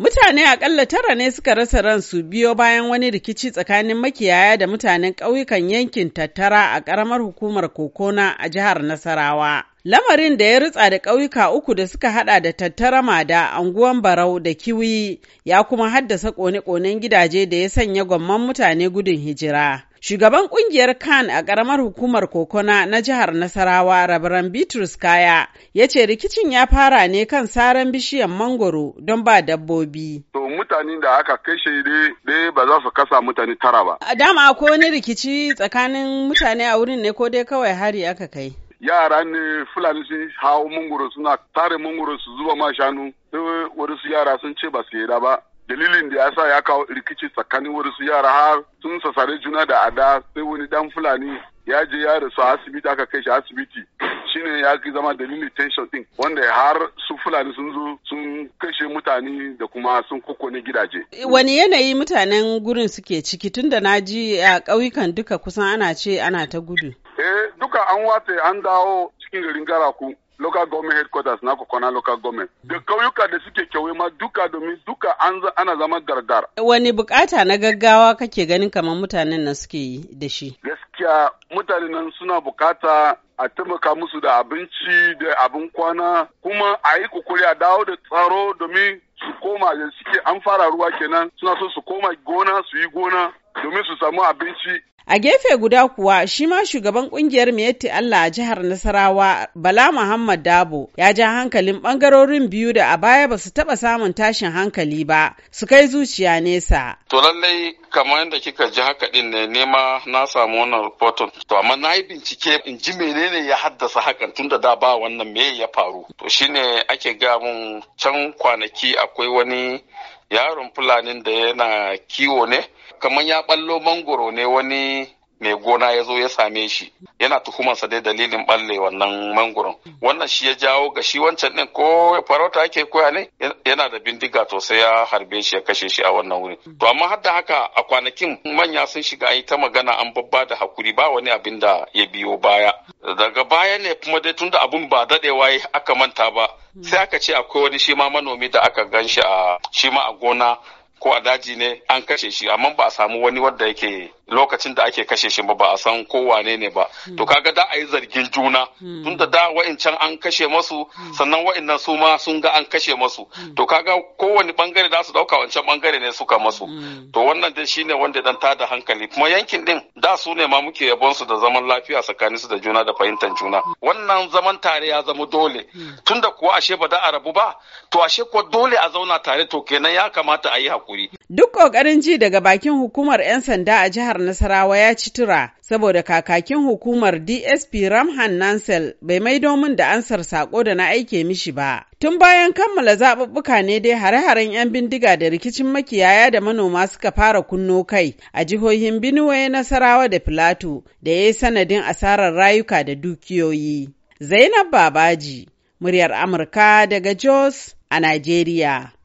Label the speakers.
Speaker 1: Mutane akalla tara ne suka rasa ransu biyo bayan wani rikici tsakanin makiyaya da mutanen ƙauyukan yankin tattara a ƙaramar hukumar Kokona a jihar Nasarawa. Lamarin da ya rutsa da ƙauyuka uku da suka hada da tattara mada, anguwan barau da kiwi ya kuma haddasa ƙone-ƙonen gidaje da ya sanya gwamman mutane gudun hijira. Shugaban kungiyar kan a karamar hukumar Kokona na jihar Nasarawa, Rabaran Bitrus Kaya, ya ce rikicin ya fara ne kan saran bishiyan mangoro don ba dabbobi.
Speaker 2: To mutane da aka kashe dai ba za su kasa mutane tara ba.
Speaker 1: a Dama ko wani rikici tsakanin mutane a wurin ne ko dai kawai hari aka kai.
Speaker 2: Yara ne Fulani sun hawo mangoro suna tare mangoro su zuba ma shanu. Sai wadansu yara sun ce ba su yi da ba. dalilin da ya sa ya kawo rikici tsakanin su yara har sun sasare juna da ada sai wani dan fulani ya je ya rasu asibiti aka kai shi asibiti shine ya zama dalilin tension din wanda har su fulani sun zo sun kashe mutane da kuma sun kokone gidaje.
Speaker 1: Wani yanayi mutanen gurin suke ciki tun da na ji a ƙauyukan duka kusan ana ce ana ta gudu.
Speaker 2: Eh duka an wace an dawo cikin garin garaku local government headquarters na kokona local government da kauyuka da suke kyauye ma duka domin duka an ana zama gargar
Speaker 1: Wani bukata na gaggawa kake ganin kamar mutanen nan suke yi da shi?
Speaker 2: Gaskiya mutanen nan suna bukata a taimaka musu da abinci da abin kwana kuma a yi kukuri a dawo da tsaro domin su koma da suke an fara ruwa kenan suna so su koma gona su yi gona domin su samu
Speaker 1: abinci A gefe guda kuwa shi ma shugaban kungiyar Miyatti Allah a jihar Nasarawa Bala Muhammad Dabo ya ja hankalin bangarorin biyu da a baya ba su taba samun tashin hankali ba su kai zuciya nesa.
Speaker 3: To lallai kamar yadda kika ji haka din ne nema na samu wannan rahoton. To amma na yi bincike in ji menene ya haddasa hakan tunda da ba wannan me ya faru. To shine ake ga mun can kwanaki akwai wani yaron fulanin da yana kiwo ne kamar ya ballo mangoro ne wani mai gona ya zo ya same shi yana tuhumansa dai dalilin balle wannan mangoron wannan shi ya jawo ga shi wancan din ko farauta ake koya ne yana da bindiga to sai ya harbe shi ya kashe shi a wannan wuri to amma har da haka a kwanakin manya sun shiga yi ta magana an babba da hakuri ba wani abin da ya biyo baya daga baya ne kuma dai tunda abun ba dadewa yi aka manta ba sai aka ce akwai wani shi ma manomi da aka gan shi a shi ma a gona ko a daji ne an kashe shi amma ba a samu wani wanda yake lokacin da ake kashe shi ba ba a san ko wane ne ba hmm. to kaga da a yi zargin juna hmm. tun da da wa'incan an kashe masu hmm. sannan wa'innan su ma sun ga an kashe masu to kaga kowane bangare da su dauka wancan bangare ne suka masu to wannan dai shine wanda dan tada hankali kuma yankin din da su ne ma muke yabon su da zaman lafiya tsakanin su da juna da fahimtar juna wannan zaman tare ya zama dole tunda kuwa ashe ba da a rabu ba to ashe kuwa dole a zauna tare to kenan ya kamata a yi hakuri.
Speaker 1: Duk ƙoƙarin ji daga bakin hukumar 'yan sanda a jihar Nasarawa ya ci tura, saboda kakakin hukumar DSP Ramhan Nansel bai maido min da ansar sako da na aike mishi ba. Tun bayan kammala zaɓuɓɓuka ne dai hare-haren 'yan bindiga da rikicin makiyaya da manoma suka fara kunno kai a jihohin Benue, Nasarawa da Filato da ya yi sanadin asarar rayuka da dukiyoyi. Zainab Babaji, muryar Amurka daga Jos a Najeriya.